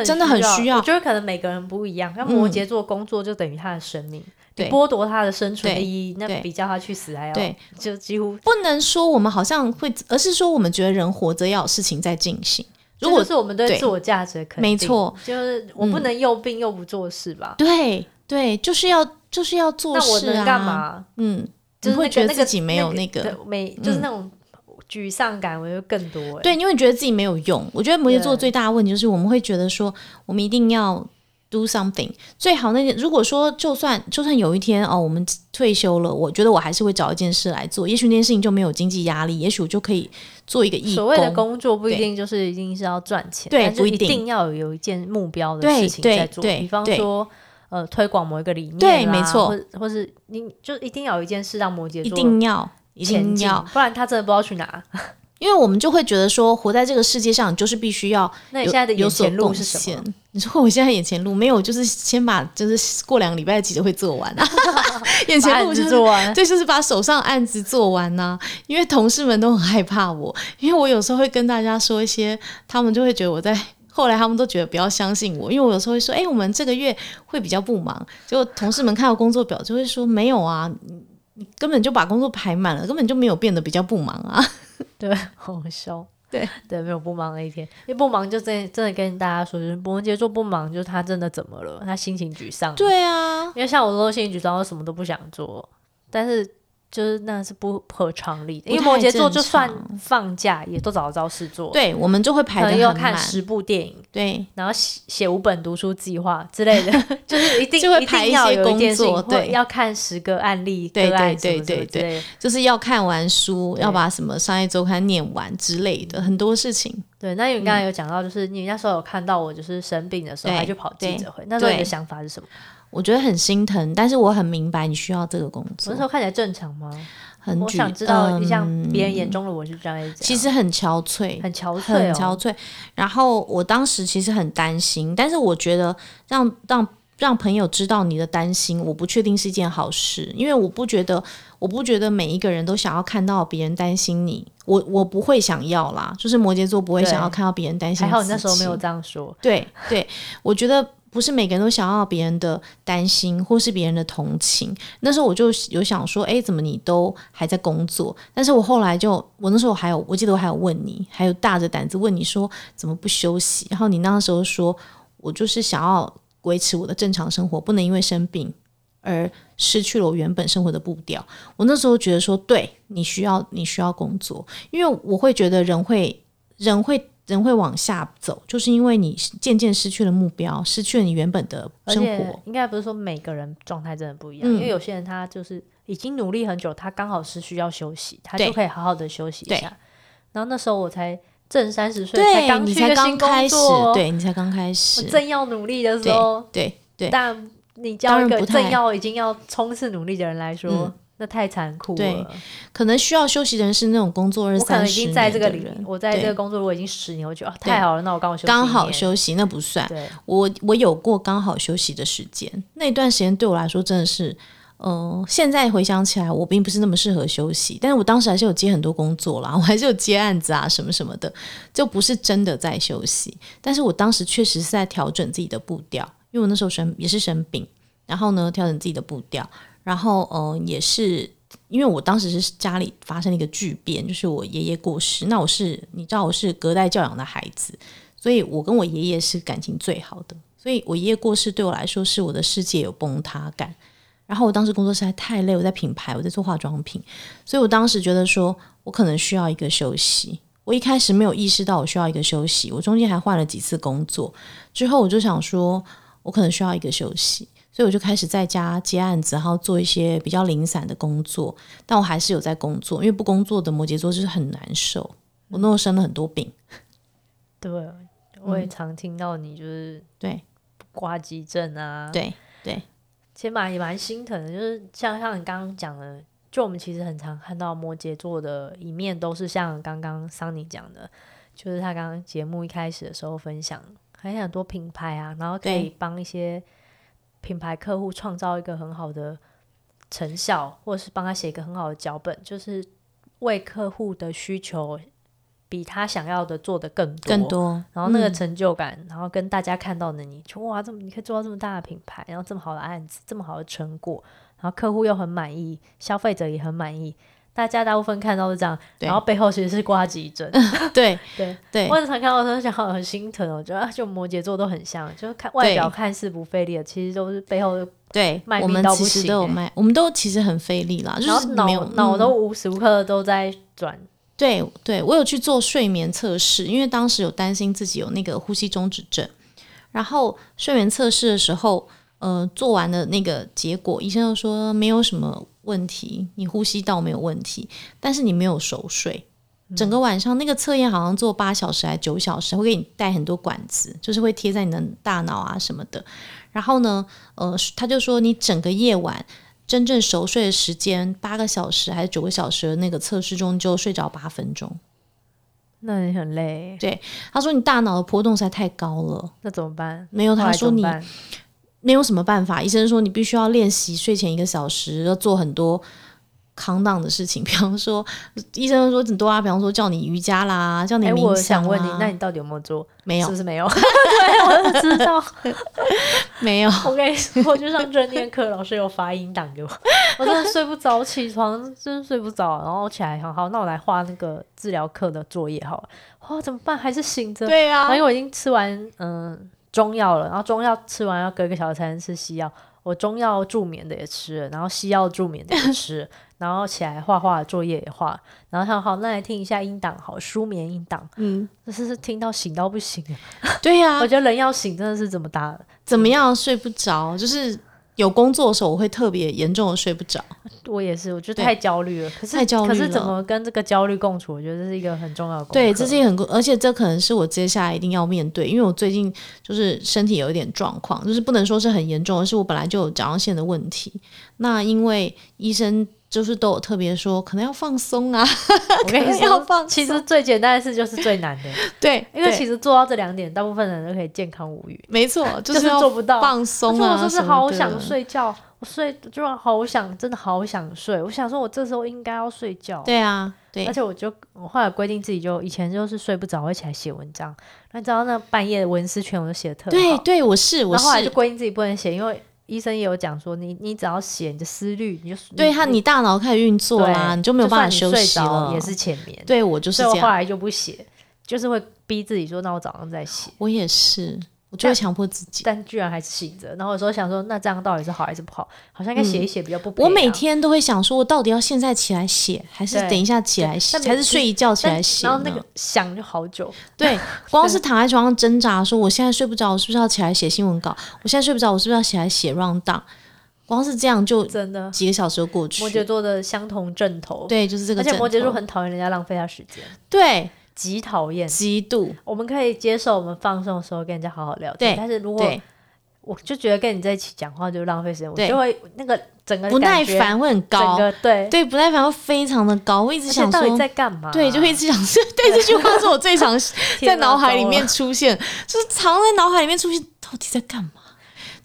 真的很需要，我覺得可能每個人不一樣。像摩羯座工作就等於他的生命，剝奪他的生存意義，那比叫他去死還要對，就幾乎不能說我們好像會，而是說我們覺得人活着要有事情在進行。如果是我們對自我價值肯定沒錯，就是我不能又病又不做事吧？對對，就是要就是要做事啊！那我能幹嘛？嗯，就是會覺得自己沒有那個沒就是那種。沮喪感，我覺得更多、欸。對，因為你覺得自己沒有用。我覺得摩羯座最大的問題就是，我們會覺得說，我們一定要 do something。最好那如果說，就算就算有一天哦，我們退休了，我覺得我還是會找一件事來做。也許那件事情就沒有經濟壓力，也許就可以做一個意義。所謂的工作不一定就是一定是要賺錢，對但是一定要有一件目標的事情對在做。比方說，對呃，推廣某一個理念，對，沒錯，或者或是你就一定要有一件事讓摩羯座一定要。一定、嗯、要，不然他真的不知道去哪。因為我們就會覺得說，活在這個世界上就是必須要有。那你現在的眼前路是什麼？你說我現在眼前路沒有，就是先把就是過兩個禮拜幾的會做完，啊。 眼前路就是、 做完、啊。這就，就是把手上案子做完啊。因為同事們都很害怕我，因為我有時候會跟大家說一些，他們就會覺得我在。後來他們都覺得不要相信我，因為我有時候會說：“哎、欸，我們這個月會比較不忙。”結果同事們看到工作表就會說：“沒有啊。”根本就把工作排滿了，根本就沒有變得比較不忙啊！ 對，好笑。對對，沒有不忙的一天，一不忙就真真的跟大家說，就是摩羯座不忙，就是他真的怎麼了？他心情沮喪。對啊，因為像我都心情沮喪，我什麼都不想做。但是。就是那是不合常理的，因為摩羯座就算放假，也都找得到事做。對，我們就會排的很滿，可能要看十部電影，對，然後寫寫五本讀書計劃之類的，就是一定就會排一些工作，對，要看十個案例，對對對對對，就是要看完書，要把什麼商業周刊念完之類的，很多事情。對，那你剛才有講到，就是你那時候有看到我，就是生病的時候還去跑記者會，那時候你的想法是什麼？我覺得很心疼，但是我很明白你需要這個工作。我那時候看起來正常嗎？很局，我想知道你，像別人眼中的我是這樣子。嗯。其實很憔悴，很憔悴。哦，很憔悴。然後我當時其實很擔心，但是我覺得讓讓讓朋友知道你的擔心，我不確定是一件好事，因為我不覺得我不覺得每一個人都想要看到別人擔心你，我我不會想要啦，就是摩羯座不會想要看到別人擔心。還好你那時候沒有這樣說。對對，我覺得。 不是每個人都想要別人的擔心或是別人的同情。那時候我就有想說，哎、欸，怎麼你都還在工作？但是我後來就，我那時候還有，我記得我還有問你，還有大着膽子問你說，怎麼不休息？然後你那時候說，我就是想要維持我的正常生活，不能因為生病而失去了我原本生活的步調。我那時候覺得說，對，你需要，你需要工作，因為我會覺得人會，人會。人會往下走，就是因為你漸漸失去了目標，失去了你原本的生活。應該不是說每個人狀態真的不一樣，嗯、因為有些人他就是已經努力很久，他剛好是需要休息，他就可以好好的休息一下。對對，然後那時候我才正三十歲，對才剛去一個新工作，你才剛開始，對你才剛開始，我正要努力的時候，對對。對對，但你叫一個正要已經要衝刺努力的人來說。太殘酷了，對，可能需要休息的人是那種工作三十年的人，我可能已經在這個裡，對我在這個工作如果已經十年，我覺得對、哦、太好了，對那我剛好休息，剛好休息那不算，對，我我有過剛好休息的時間，那段時間對我來說真的是，嗯、呃，現在回想起來，我並不是那麼適合休息，但是我當時還是有接很多工作啦，我還是有接案子啊，什麼什麼的，就不是真的在休息，但是我當時確實是在調整自己的步調，因為我那時候生也是生病，然後呢，調整自己的步調。然後，嗯、呃，也是因為我當時是家裡發生了一個巨變，就是我爺爺過世。那我是你知道我是隔代教養的孩子，所以我跟我爺爺是感情最好的。所以我爺爺過世對我來說是我的世界有崩塌感。然後我當時工作實在太累，我在品牌，我在做化妝品，所以我當時覺得說我可能需要一個休息。我一開始沒有意識到我需要一個休息，我中間還換了幾次工作，之後我就想說我可能需要一個休息。所以我就開始在家接案子，然後做一些比較零散的工作，但我還是有在工作，因為不工作的摩羯座就是很難受，嗯、我那時候生了很多病。對，我也常聽到你就是對掛急診啊，對對，其實蠻也蠻心疼的，就是像像你剛剛講的，就我們其實很常看到摩羯座的一面，都是像剛剛 Sunny 講的，就是他剛剛節目一開始的時候分享，還有很多品牌啊，然後可以幫一些。品牌客戶創造一個很好的成效，或者是幫他寫一個很好的腳本，就是為客戶的需求比他想要的做得更多，更多。然後那個成就感，嗯，然後跟大家看到的你，哇，這麼你可以做到這麼大的品牌，然後這麼好的案子，這麼好的成果，然後客戶又很滿意，消費者也很滿意。大家大部分看到的這樣，對然後背後其實是掛急診，嗯。對對 對，對我經常看到的時候想，好很心疼哦。我覺得就摩羯座都很像，就是看外表看似不費力，對其實都是背後賣力到不行對，我們其實都有賣，欸，我們都其實很費力啦，然後就是腦腦都無時無刻都在轉。嗯、對對，我有去做睡眠測試，因為當時有擔心自己有那個呼吸中止症。然後睡眠測試的時候，呃，做完的那個結果，醫生就說沒有什麼。問題，你呼吸道沒有問題，但是你沒有熟睡。嗯、整個晚上那個測驗好像做八小時還是九小時，會給你帶很多管子，就是會貼在你的大腦啊什麼的。然後呢，呃，他就說你整個夜晚真正熟睡的時間八個小時還是九個小時，那個測試中就睡着八分鐘。那你很累。對，他說你大腦的波動實在太高了，那怎麼辦？沒有，他說你。沒有什麼辦法，醫生說你必須要練習睡前一個小時要做很多康檔的事情，比方說醫生說很多啊，比方說叫你瑜伽啦，叫你冥想啊。誒，我想問你，那你到底有沒有做？沒有，是不是沒有？ 對，我不知道，沒有。我跟你說，我就上正念課老師有發音檔給我，我真的睡不着， 起床真睡不着，然後起來，好好，那我來畫那個治療課的作業好了。哇、哦，怎麼辦？還是醒着？對啊，因為我已經吃完，嗯。中藥了，然後中藥吃完要隔個小時才能吃西藥。我中藥助眠的也吃了，然後西藥助眠的也吃了， 然後起來畫畫作業也畫。然後他說：“好，那來聽一下音檔，好，舒眠音檔。”嗯，但是是聽到醒到不行。對呀、啊， 我覺得人要醒真的是怎麼打怎麼樣睡不着就是。有工作的時候，我會特別嚴重的睡不着。我也是，我覺得太焦慮了。對可是，太焦慮了。可是怎麼跟這個焦慮共處？我覺得這是一個很重要的功課。對，這是一個很，而且這可能是我接下來一定要面對，因為我最近就是身體有一點狀況，就是不能說是很嚴重，而是我本來就有甲狀腺的問題。那因為醫生。就是都有特別說，可能要放鬆啊。我跟你說， 其實最簡單的事就是最難的， 對，因為其實做到這兩點， 對大部分人都可以健康無虞。沒錯，就是啊啊，就是做不到放鬆。我就是，是好想睡覺，我睡就好想，真的好想睡。我想說我這時候應該要睡覺。對啊，對，而且我就我後來規定自己就，就以前就是睡不着，我一起來寫文章。那你知道那半夜的文思泉，我就寫的特別。對對，我是我是。然後，後來就規定自己不能寫，因為。醫生也有講說你、你你只要寫你的思慮，你就對他，你大腦開始運作啦、啊，對你就沒有辦法休息了，也是淺眠。對我就是這樣，所以我後來就不寫，就是會逼自己說，那我早上再寫。我也是。我就會強迫自己但，但居然還是醒着。然後有時候想說，那這樣到底是好還是不好？好像應該寫一寫比較不、嗯。我每天都會想說，我到底要現在起來寫，還是等一下起來寫，對還是睡一覺起來寫。然後那個想就好久。對，光是躺在床上掙扎，說我現在睡不着，我是不是要起來寫新聞稿？對我現在睡不着，我是不是要起來寫 round 光是這樣就真的幾個小時就過去。摩羯座的相同陣頭，對，就是這個。而且摩羯座很討厭人家浪費他時間。對。極討厭，極度。我們可以接受，我們放鬆的時候跟人家好好聊天。但是如果我就覺得跟你在一起講話就浪費時間，我就會那個整個不耐煩，會很高。對對，不耐煩會非常的高。我一直想，到底在幹嘛？對，就會一直想說。對，這句話是我最常在腦海裡面出現，就是常在腦海裡面出現。到底在幹嘛？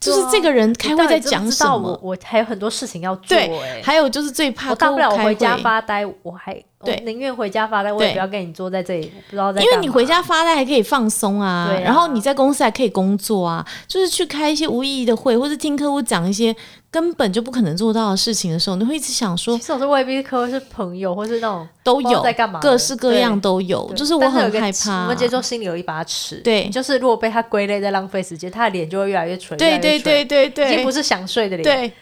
就是這個人開會在講什麼？我還有很多事情要做。對，還有就是最怕，大不了回家發呆，我還。對，寧願回家發呆，我也不要跟你坐在這裡，對不知道在幹嘛。因為你回家發呆還可以放鬆啊，對啊，然後你在公司還可以工作啊，就是去開一些無意義的會，或是聽客戶講一些根本就不可能做到的事情的時候，你會一直想說，有時是未必客戶是朋友，或是那種都有在幹嘛，各式各樣都有。對就是我很害怕，我們杰總心裡有一把尺，對，對就是如果被他歸類在浪費時間，對他的臉就會越來越純，越越對，對對對對對，已經不是想睡的臉，對。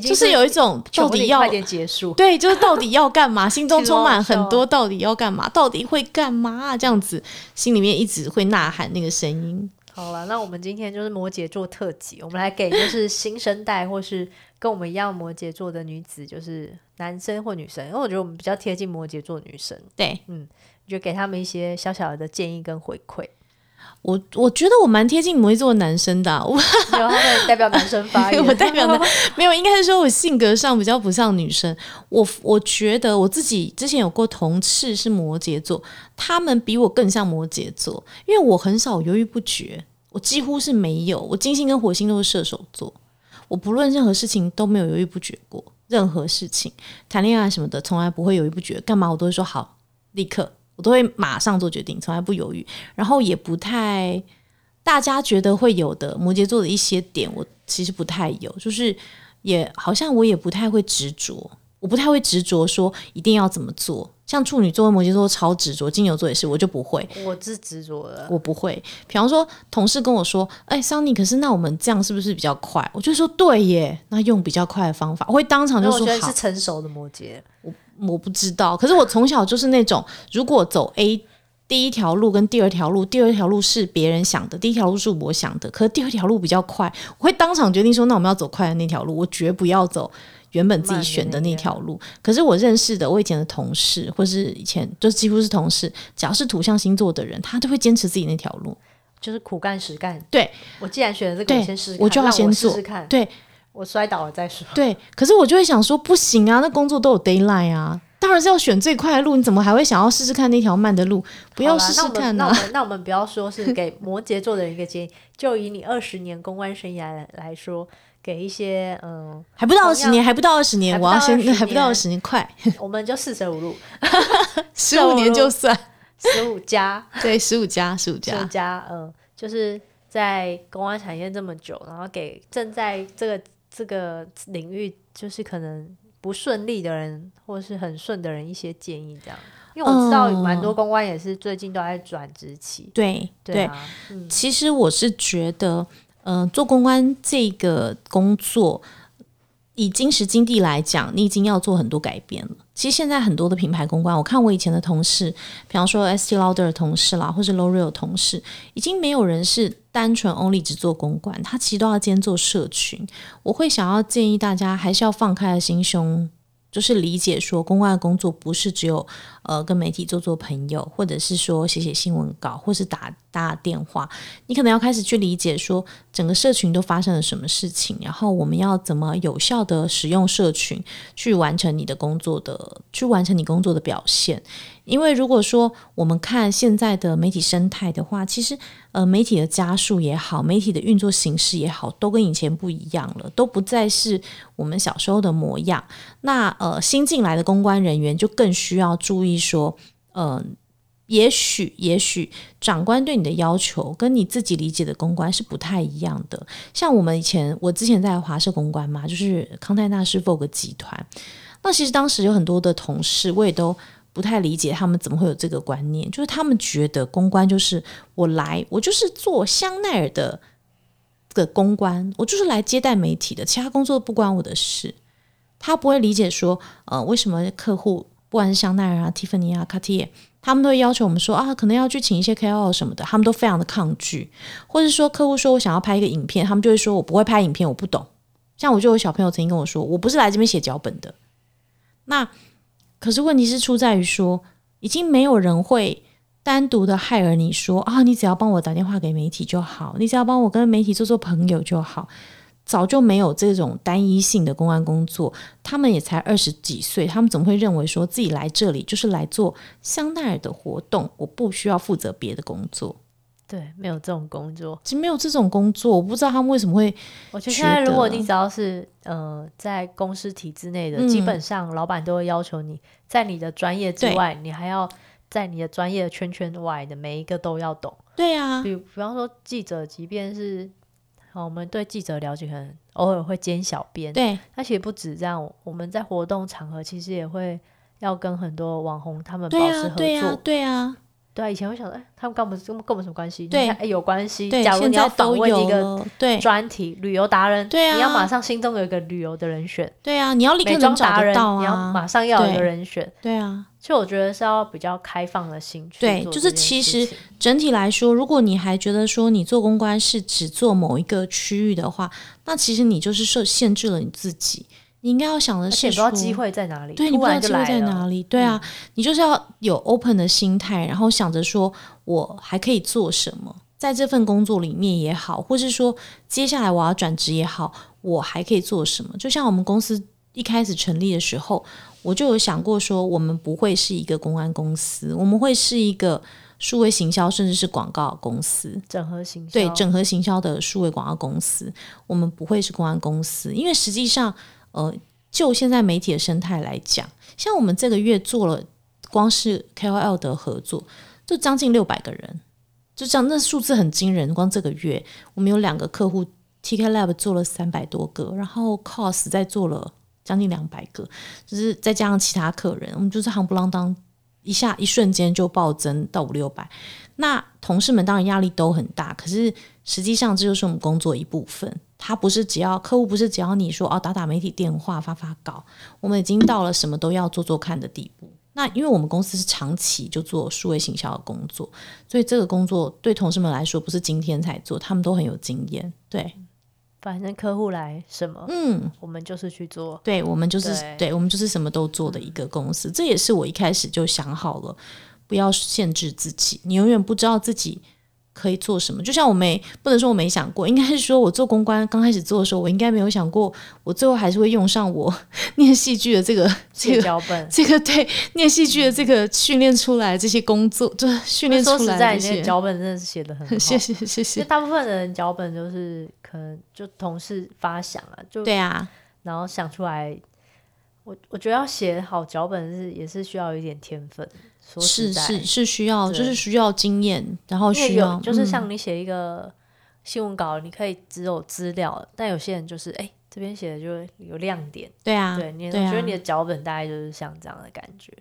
是就是有一種到底要瓊瓊快點結束。對，就是到底要幹嘛？ 心中充滿很多到底要幹嘛？到底會幹嘛、啊？這樣子，心裡面一直會吶喊那個聲音。好了，那我們今天就是摩羯座特輯， 我們來給就是新生代或是跟我們一樣摩羯座的女子，就是男生或女生，因為我覺得我們比較貼近摩羯座女生。對，嗯，就給他們一些小小的建議跟回饋。我我覺得我蠻貼近摩羯座男生的，啊，我代表男生發言， 我代表沒有，應該是說我性格上比較不像女生。我我覺得我自己之前有過同事是摩羯座，他們比我更像摩羯座，因為我很少猶豫不決，我幾乎是沒有，我金星跟火星都是射手座，我不論任何事情都沒有猶豫不決過，任何事情談戀愛什麼的，從來不會猶豫不決，幹嘛我都會說好，立刻。我都會馬上做決定，從來不猶豫。然後也不太，大家覺得會有的摩羯座的一些點，我其實不太有，就是也好像我也不太會執着。我不太會執着說一定要怎麼做，像處女座、摩羯座超執着，金牛座也是，我就不會。我是執着的，我不會。比方說，同事跟我說：“哎、欸，Sunny，可是那我們這樣是不是比較快？”我就說：“對耶，那用比較快的方法。”我會當場就說：“好。”覺得是成熟的摩羯，我我不知道。可是我從小就是那種，如果走 A。第一條路跟第二條路，第二條路是別人想的，第一條路是我想的。可是第二條路比較快，我會當場決定說，那我們要走快的那條路，我絕不要走原本自己選的那條路。可是我認識的，我以前的同事，或是以前就幾乎是同事，只要是土象星座的人，他都會堅持自己那條路，就是苦幹實幹。對，我既然選了這個，先試，我就要先試試看。對，我摔倒了再說。對，可是我就會想說，不行啊，那工作都有 deadline 啊。當然是要選最快的路，你怎麼還會想要試試看那條慢的路？不要試試看。啊、那我們，、啊、那，我們那我們不要說是給摩羯座的人一個建議， 就以你二十年公關生涯來說，給一些嗯，還不到二十年，樣還不到二十年，年我要先年還不到二十年，快，我們就四舍五入，十五 年就算十五加， 家 對，十五加十五加十五加，嗯，就是在公關產業這麼久，然後給正在這個這個領域，就是可能。不順利的人，或是很順的人一些建議，這樣，因為我知道蠻多公關也是最近都在轉職期。呃、對對、啊嗯、其實我是覺得，嗯、呃，做公關這個工作。以今時今地來講，你已經要做很多改變了。其實現在很多的品牌公關，我看我以前的同事，比方說 Estée Lauder 的同事啦，或是 L'Oréal 的同事，已經沒有人是單純 only 只做公關，他其實都要兼做社群。我會想要建議大家，還是要放開心胸。就是理解說，公關的工作不是只有呃跟媒體做做朋友，或者是說寫寫新聞稿，或是打打電話。你可能要開始去理解說，整個社群都發生了什麼事情，然後我們要怎麼有效的使用社群去完成你的工作的，去完成你工作的表現。因為如果說我們看現在的媒體生態的話，其實呃媒體的加速也好，媒體的運作形式也好，都跟以前不一樣了，都不再是我們小時候的模樣。那呃新進來的公關人員就更需要注意說，嗯、呃，也許也許長官對你的要求跟你自己理解的公關是不太一樣的。像我們以前，我之前在華社公關嘛，就是康泰納仕 Vogue 集團。那其實當時有很多的同事，我也都。不太理解他們怎麼會有這個觀念，就是他們覺得公關就是我來，我就是做香奈兒的的公關，我就是來接待媒體的，其他工作都不關我的事。他不會理解說，呃，為什麼客戶不管是香奈兒啊、蒂芬妮啊、卡地亞，他們都會要求我們說啊，可能要去請一些 KOL 什麼的，他們都非常的抗拒。或者說客戶說我想要拍一個影片，他們就會說我不會拍影片，我不懂。像我就有小朋友曾經跟我說，我不是來這邊寫腳本的。那。可是問題是出在於說，已經沒有人會單獨的 hire 你說啊、哦，你只要幫我打電話給媒體就好，你只要幫我跟媒體做做朋友就好，早就沒有這種單一性的公關工作。他們也才二十幾歲，他們怎麼會認為說自己來這裡就是來做香奈兒的活動？我不需要負責別的工作。對，沒有這種工作，其實沒有這種工作，我不知道他們為什麼會。我覺得現在如果你只要是呃在公司體制內的，嗯、基本上老板都會要求你在你的專業之外，對你還要在你的專業圈圈外的每一個都要懂。對啊，比比方說記者，即便是好，我們對記者了解，可能偶爾會兼小編，對，但其實不止這樣。我們在活動場合，其實也會要跟很多網紅他們保持合作，對啊。對啊對啊對啊，以前會想哎、欸，他們跟我們跟我們什麼關係？對，哎、欸、有關係。假如你要訪問一個專對專題旅遊達人，對啊，你要馬上心中有一個旅遊的人選，對啊，你要立刻能找得到、啊、達人，啊、你要馬上要有人選對，對啊。所以我覺得是要比較開放的心去做。對，就是其實整體來說，如果你還覺得說你做公關是只做某一個區域的話，那其實你就是受限制了你自己。你應該要想的是，多機會在哪裡？對，突然 你不知道機會在哪裡。對啊，你就是要有 open 的心態，然後想着說我還可以做什麼，在這份工作裡面也好，或是說接下來我要轉職也好，我還可以做什麼？就像我們公司一開始成立的時候，我就有想過說，我們不會是一個公關公司，我們會是一個數位行銷，甚至是廣告公司，整合行銷對，整合行銷的數位廣告公司，我們不會是公關公司，因為實際上。呃，就現在媒體的生態來講，像我們這個月做了光是 KOL 的合作，就將近六百個人，就這樣，那數字很驚人。光這個月，我們有兩個客戶 TK Lab 做了三百多個，然後 Cos 再做了將近兩百個，就是再加上其他客人，我們就是夯不啷噹，一下一瞬間就暴增到五六百。那同事們當然壓力都很大，可是實際上這就是我們工作的一部分。他不是只要客戶，不是只要你說哦，打打媒體電話，發發稿。我們已經到了什麼都要做做看的地步。那因為我們公司是長期就做數位行銷的工作，所以這個工作對同事們來說不是今天才做，他們都很有經驗。對，嗯，反正客戶來什麼，嗯，我們就是去做。對，我們就是，對，對，我們就是什麼都做的一個公司。嗯，這也是我一開始就想好了，不要限制自己。你永遠不知道自己可以做什麼？就像我沒不能說我沒想過，應該是說我做公關剛開始做的時候，我應該沒有想過，我最後還是會用上我念戲劇的這個這個腳本，這個對念戲劇的這個訓練出來這些工作，嗯、就訓練出來的這些。說實在，你腳本真的是寫得很好。謝謝謝謝。大部分人腳本就是可能就同事發想了，就對啊，然後想出來。我我覺得要寫好腳本是也是需要一點天分。說是是是需要，對就是需要經驗，然後需要，就是像你寫一個新聞稿，嗯、你可以只有資料，但有些人就是哎、欸，這邊寫的就有亮點，對啊，對，你我覺得你的腳本大概就是像這樣的感覺，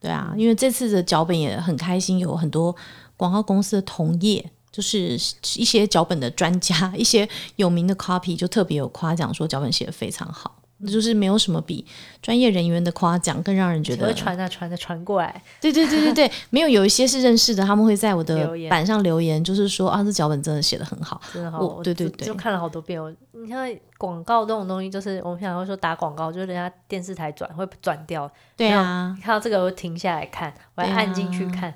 對啊，嗯、對啊，因為這次的腳本也很開心，有很多廣告公司的同業，就是一些腳本的專家，一些有名的 copy 就特別有誇獎，說腳本寫的非常好。就是沒有什麼比專業人員的誇獎更讓人覺得。傳啊傳的傳過來，對對對對對， 沒有有一些是認識的，他們會在我的板上留言，就是說啊，這腳本真的寫得很好，真的好，我對對對，對就，就看了好多遍。我你看廣告這種東西，就是，就是我們想要說打廣告，就人家電視台轉會轉掉。對啊，你看到這個我停下來看，我還按進去看，啊、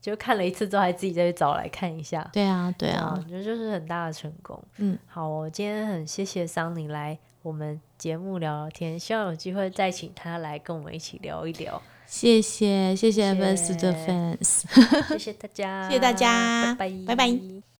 就看了一次之後還自己再去找來看一下。對啊對啊，對啊我覺得就是很大的成功。嗯，好、哦，我今天很謝謝桑尼來。我們節目聊聊天，希望有機會再請他來跟我們一起聊一聊。謝謝，謝謝粉絲的 fans，謝謝大家，謝謝大家，拜拜，拜拜。